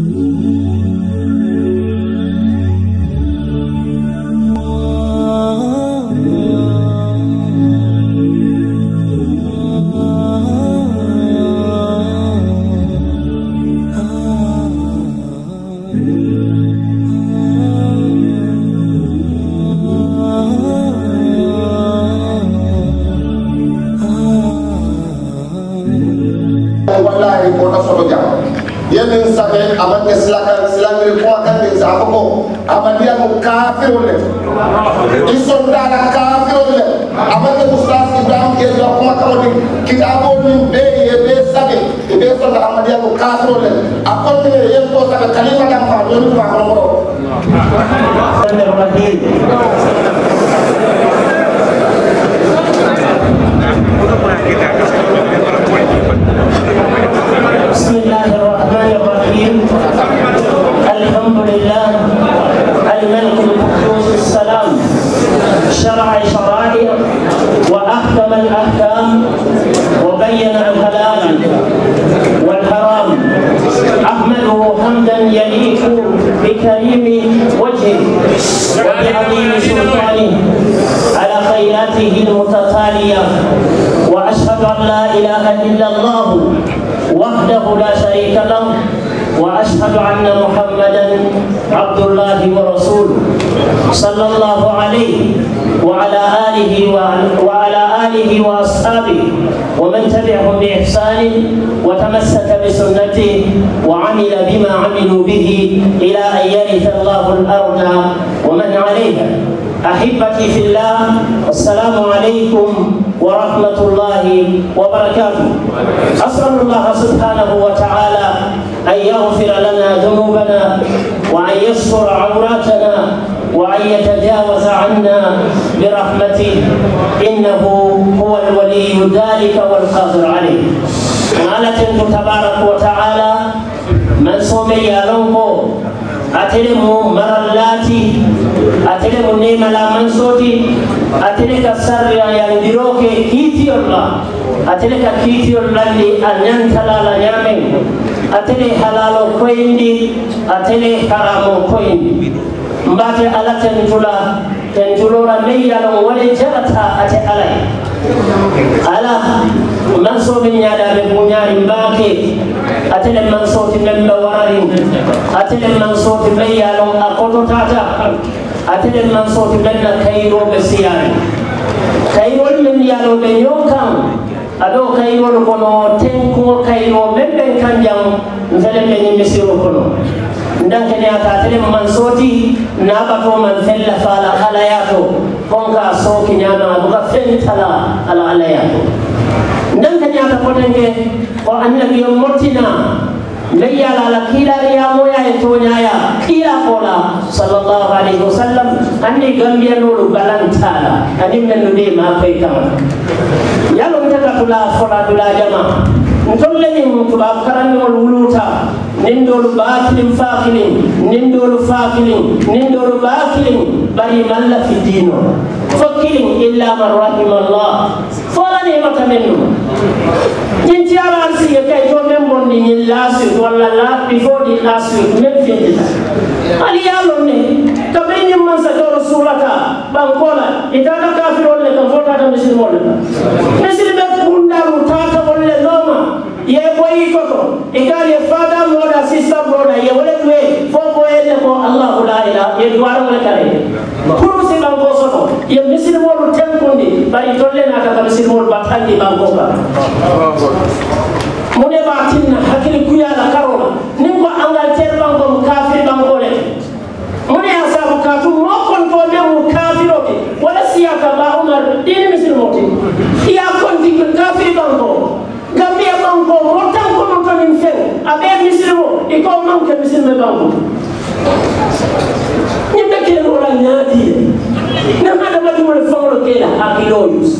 Mm-hmm. ala ka silamɛ fɔ a ka nin sa a ko ko amadiya ko kafiriw lɛ i sɔn t'a la kafiriw lɛ a ma kɛ musaasi ibrahim kɛ jɔ kuma kama ni kitaabo ni bɛɛ ye bɛɛ sage i bɛ sɔn ka amadiya ko a a الله الملك القدوس السلام شرع شرائع واحكم الاحكام وبين الحلال والحرام احمده حمدا يليق بكريم وجهه وبعظيم سلطانه على خيراته المتتاليه واشهد ان لا اله الا الله وحده لا شريك له وأشهد أن محمدا عبد الله ورسوله صلى الله عليه وعلى آله وعلى آله وأصحابه ومن تبعهم بإحسان وتمسك بسنته وعمل بما عملوا به إلى أن يرث الله الأرض ومن عليها أحبتي في الله السلام عليكم ورحمة الله وبركاته أسأل الله سبحانه وتعالى أن يغفر لنا ذنوبنا وأن يستر عوراتنا وأن يتجاوز عنا برحمته إنه هو الولي ذلك والقادر عليه على تبارك وتعالى من يا يالونكو أتلم مرلاتي أتلم نيمة لا منسوتي أتلك السر يندروك كيتي الله أتلك كيتي الله أن ينتلال يامين atene halalo koyindi atene haramo koyindi mbate ala tentula tentulora leyyalon wone jarata ate alay ala mansoɓe ñaɗaɓe buñari mbake atele mansoti membe wararin atele mansoti leyyalon a kototata atele mansoti menna kayiroɓe siyani kayirol men yaloɓe ño kan aɗo kayirol kono tenkugo kayiro men ɓen kanjam felen ɓe ñimmisiro kono ndankene ata telen man soti na sooti naɓato man fella faala alaya to konka sooki ñama aɗuga fentala ala alaya to ndankene ata kotenke ko annabiyo mortina meyyala ala kiilariyamoya e toñaya kiila kola sallllahu alayhi wa sallam anni gambiyanolu balantala anin men no de ma koy kama yalo ntata tula fola dula jama ntolle ñin tubaab karandiŋol wuluuta nin doolu baakiliŋ faakiliŋ nin doolu faakiliŋ nin doolu baakiliŋ bari man la fi diino fo kiliŋ illa man rahimallah fo la neemata meŋ nu ñintiyara al siye kay to meŋ bondi ñiŋ laasuit walla la before di laasuit meŋ fintita ali ye a loŋ ne kabiri ñiŋ mansa doolu suurata banko la itata kafirol le kan fo tata misilimol le kan misiri bɛ kun da mu taa tɔgɔli le nɔ ma ye bɔyi kɔtɔ i ka ye fada mɔda sista broda ye wale tun ye fo ko ye ne ko allahu la ila ye duwara wale kare kuru si banko sɔrɔ ye misiri mɔlu ten kundi bari tolle n'a ka ka misiri mɔlu ba tan di banko kan mun de b'a tinna hakili damu ñinta keno la ñaati na hadamadumol fawlo kela hakiloyus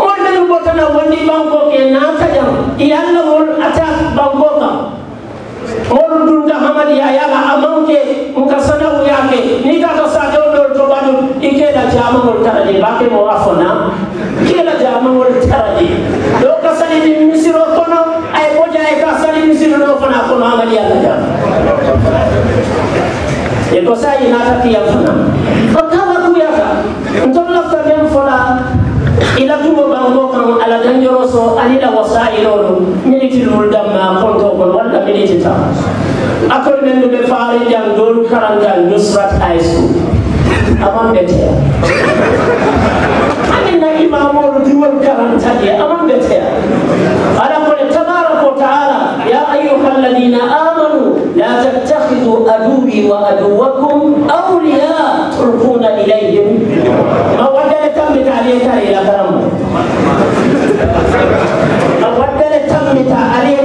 o nanu eu wandi ɓaw yekosa inata kiya fana o kala kuyafa ntol lafta men fola ila tumo bango kan ala danjoro so ani la wasailolu miniti lul damma konto kon walla miniti ta akol men be faare jam dolu karanta nusrat high school amam betea anina imamolu diwol karanta je amam betea ala kone tabaraka wa taala ya ayuha alladina amanu أتتخذ عدوي وعدوكم أولياء تلقون إليهم ما ودل تم تعليتها إلى كرم ودل تم تعليتها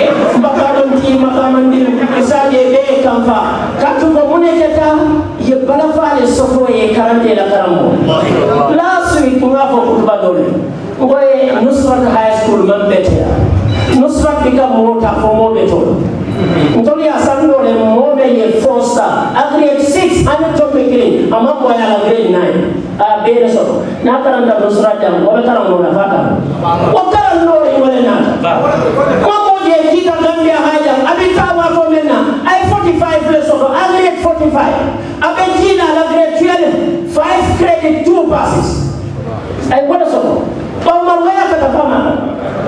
e mbakaɗon ti makamandir isaje ɓe kam fa kattugo muneketa ye bala faale sofoye karantela karanmo lasuy kuga fo kutuba dol ngoye nusrat high school man beteya nusrat bi kam mota fo mo ɓe to ntolu ya sango le moo ye fo sa agriye six ani to me kelen a ma mɔ grade nine a ah, bee de sɔrɔ n'a karanta do sura jan o bɛ karan mɔgɔ nafa o karan n'o ye wale na kuma ko je ji ka gambia haja a wa fɔ min na a ye forty le sɔrɔ agriye forty five a bɛ ji la grade twelve five credit two passes a ye wale sɔrɔ ɔmar waya kata fama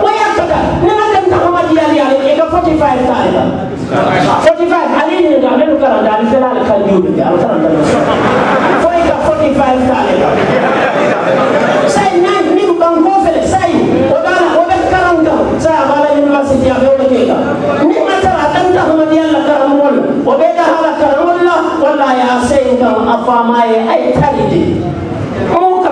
waya kata ne na dem tagama diyali ale e ka forty five taale 45, I didn't know that. I said, I'll tell you. I'll tell you. 45 talent. Say, nine, new bang, go for it. Say, Odana, Oda Karanga, say, Abala University, Abela Kega. Nimata, Atanta, Hamadiana Karamol, Obeda Hala Karola, Wala, I say, Afamae, I tell you.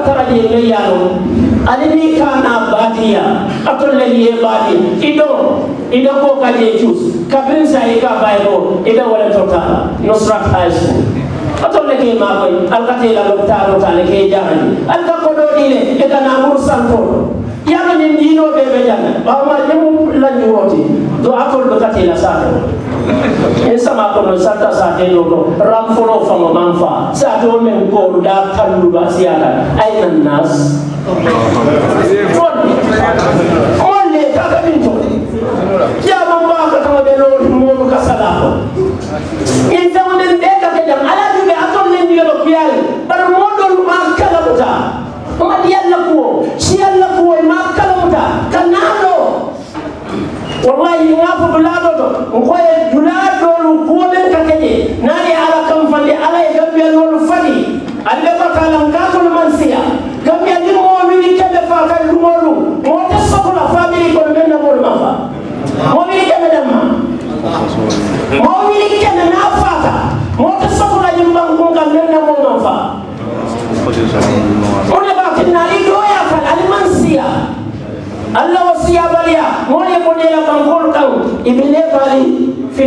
tara di le yaro ale ni kana batiya atol le ye bati ido ido ko ka je chus kabrin sa e ka bayro ido wala tota nusrat high school atol le ke ma koy al ka te la lo ta lo ta le ke jahani al ka ko do dile e ka na mur santo ya ni dino be be jana ba ma jemu la nyoti do atol be ka te la sa en sama kono santa sate ɗo ɗo ramforo fango man fa sate o men goruɗa kanduɗo asiyala ayna nas molle kaka min to jamamba ka kama ɓe ɗo moɗu ka wallahi ngafu bulado do ngoye bulado lu kuobe kakeje nani ya?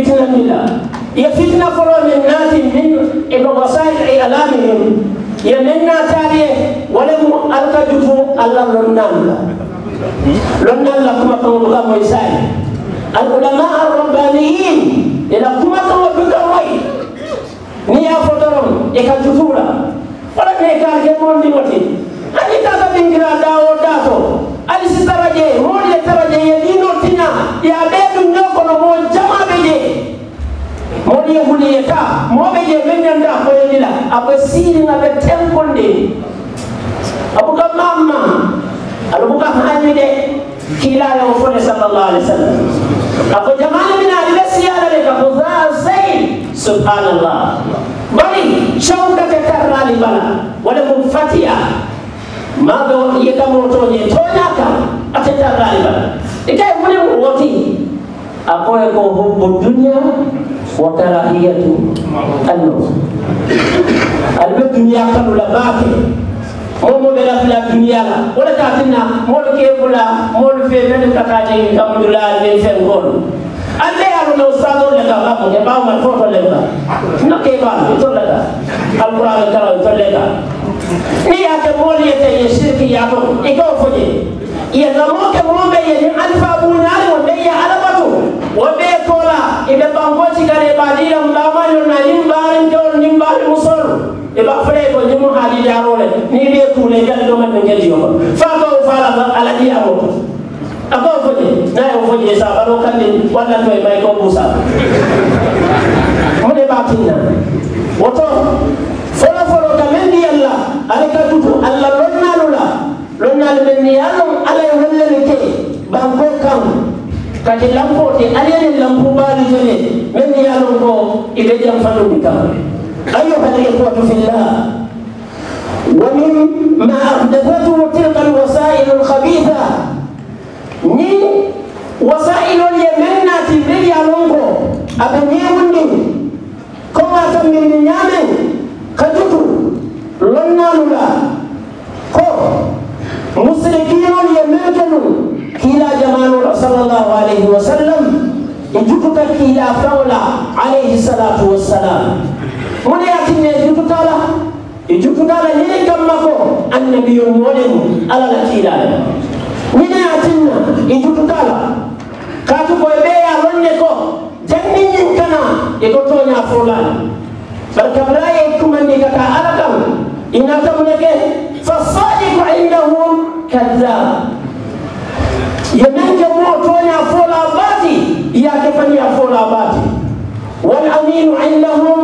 fitna bila ye fitna folo min naati min ebe wasai alamihim ye min naataari ye walemu alka jutu allah lonnan la lonnan la kuma kaŋo buka moy sayi alulama arrabbaniyin ila kuma kaŋo buka moy ni ya fotoron e ka jutu la wala ne ka ke mondi woti ani tata dingira dao dato ali si taraje moolu ye taraje ye diino tina ya a bee dunño kono yehuliyeta moɓe je ɓe ñanda koyelila aɓe sirina ɓe tenkonde abuka mamma aɗa buka hani de kiilala o fone sallllahu alih w sallam ako jamane mina aliɓe siyala de kako ha zain subhanallah bari cewdake tarrali bala wala mum fatiya maɓe yekamotoñe toñaka ate tarrali bala ikaye mune woti akoye ko hubbu dunia وكراهية الموت البدن يقل لباكي momo bela fila duniya la wo le taa tinna moolu kee bula moolu fee menu ka taa jegi ka mudula len fen goolu alle ye alu lew saadol le ka ba mu ke baaw ma fo to le ka no ke ba i to le ka alquran kala i to le ka ni ya ke moolu ye te ye shirki ya to i ka o fo je ye na mo ke mo be ye ni alfa bu naani mo be ye alaba wo ɓe kola iɓe ɓankoti kan e ɓaɗiɗa mbamañol na nin mbarin kewol nin mbari musol iɓa fre ko jimu haali darole ni ɓe kuule gal ɗumen no gel yoko fa ko fala ala ɗiyamo ako foƴe nayi o foƴe sa ɓaɗo kandi walla to e may ko ɓuusa mone ɓa tinna woto folo folo ka men ndi yalla ala ka tutu allah lonnalu la lonnalu men ni yalon ala e wellani ke banko kan kadi lampo te alene lampo baalu jone men ni yalon ko ibe jam fatu bi kam ayo hadi ikhwatu fillah wa min ma ahdathathu tilka alwasail alkhabitha ni wasail yemenna ti be yalon ko abe nyewundi إلى جمال صلى الله عليه وسلم يجبك إلى فولا عليه الصلاة والسلام من يأتي يجوكتا له يجوكتا له لين كما النبي المولد على الكلا من يأتي يجوكتا له كاتو بيبي يالوني كو جنين يمكنا يكتوني أفولان بركبلا يكمني كتا ألقم إن لك فالصادق عندهم كذاب فولا باتي يا كفن يا فولا باتي والأمين عندهم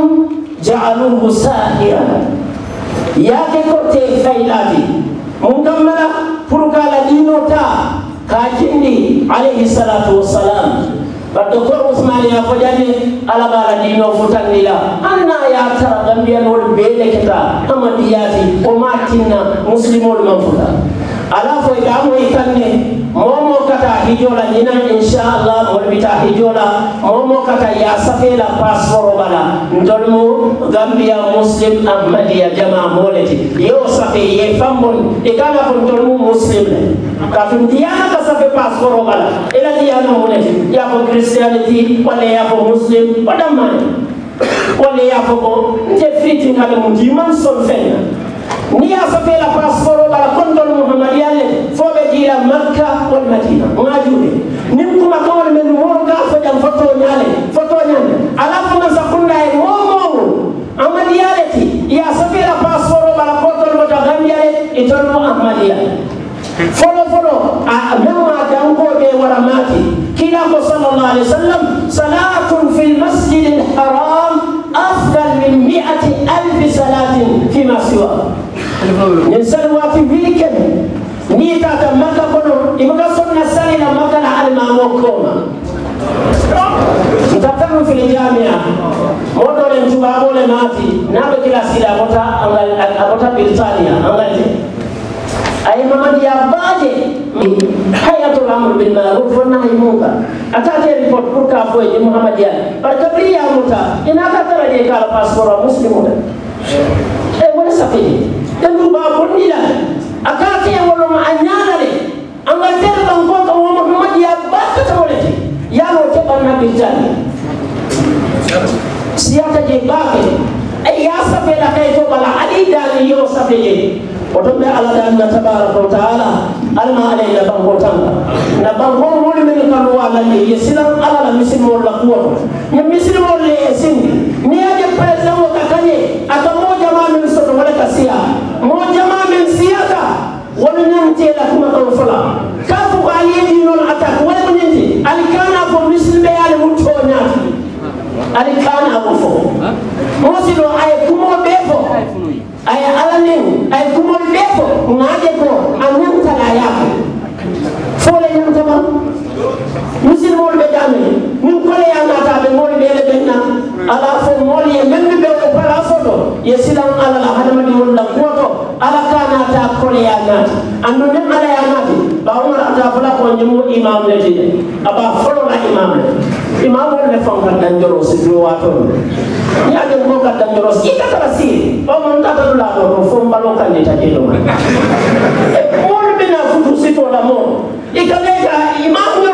جعلوه ساحرا يا كوتي فيلاتي مكملة فرقالة دينوتا كاجندي عليه الصلاة والسلام بدكتور عثمان يا فجاني على بارا دينو فتن للا أنا يا ترى غمبيان والبيلكتا أما دياتي وما تنا مسلمون من فتن ألا فإذا أمو يتنه مو hijola ina inchallah wala bita hijola momo kata ya safela passeport bala ndolmu mu gambia muslim ahmadia jama moleti yo safe ye fambon e kala fon tol mu muslim le kafin diyana ka safe passeport bala ela no moleti ya ko christianity wala ya ko muslim man wala ya ko fitin fiti mun di man son fenna ni ya e safe la passeport bala kondol muhammadiya le fo ɓe jiila makka wal madina ŋa juuɗe nin kuma kawol men won ga fo ƴam foto ñaale foto ñande ala kuma sakunda e mo mowo amadiya le ti ya safe la passeport bala kondol mota gambiya le itonno amadiya folo folo a memma dankoɓe wara maati kila ko sallallahu alih wa ñen sali waati wii ken ni tata makka kono imaka sonna sali na makka na almamo koma mtatano fil jamia moto le mtubabo le mati nabe kila sida akota akota Britania angalie ay mamadi ya baje hayatul amr bil ma'ruf wa nahy munkar atate report pour ka boy ni muhammad ya par kabri ya muta ina ka taraje kala a muslimu e eh, wala safiri jandu ba gondi la akake en wala ma anyana le angleterre kan ko ko mo muhammad eh, ya batta tawle ya no ke banna bijal siyata je baake ay ya sabe la kay to bala ali dali yo sabe je otombe ala danda tabaraka wa taala alma alay na banko tanga na banko wol min kan wala ni yesilam ala la misil wol la kuwa ni misil wol le kuwoto ye silan alala hadamadiwol la kuwoto ala kanata koleya naati andu nin ala ya naati ba umar ata fula ko ñimu imam le ti aba folo la imam le imam wol le fon kan dan joro si du wato ni ade ko kan dan joro si ta tara si ba mon ta ta la ko fo mbalo kan ni ta ke do ma e mon bina futu si to la mo e ka le ga imam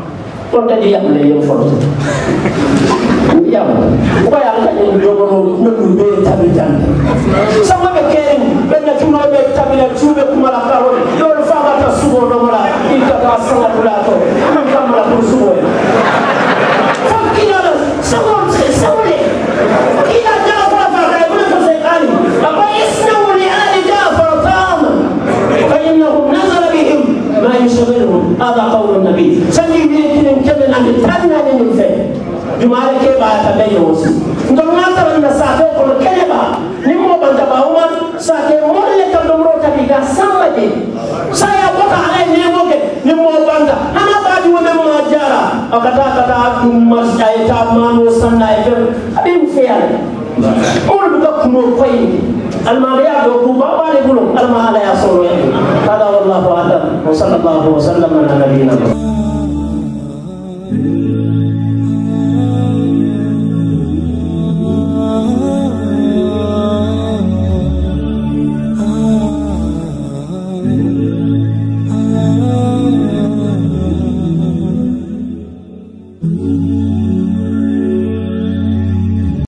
wonta yamle yen foto yam koyal kañum jogono nodum ɓe tabi jande sanga ɓe kerim ɓenna tunoɓe tabilen suuɓe kumala karol ɗon fagata sugo ɗomola iltata sanga tula to ɗum kammala pour sugo en fakkinana sagol abin abin fiyal ul buka kumo koy alma ya do ku baba le bulum alma ala ya solo ya kada wallahu a'lam wa sallallahu wa sallam ala nabiyyina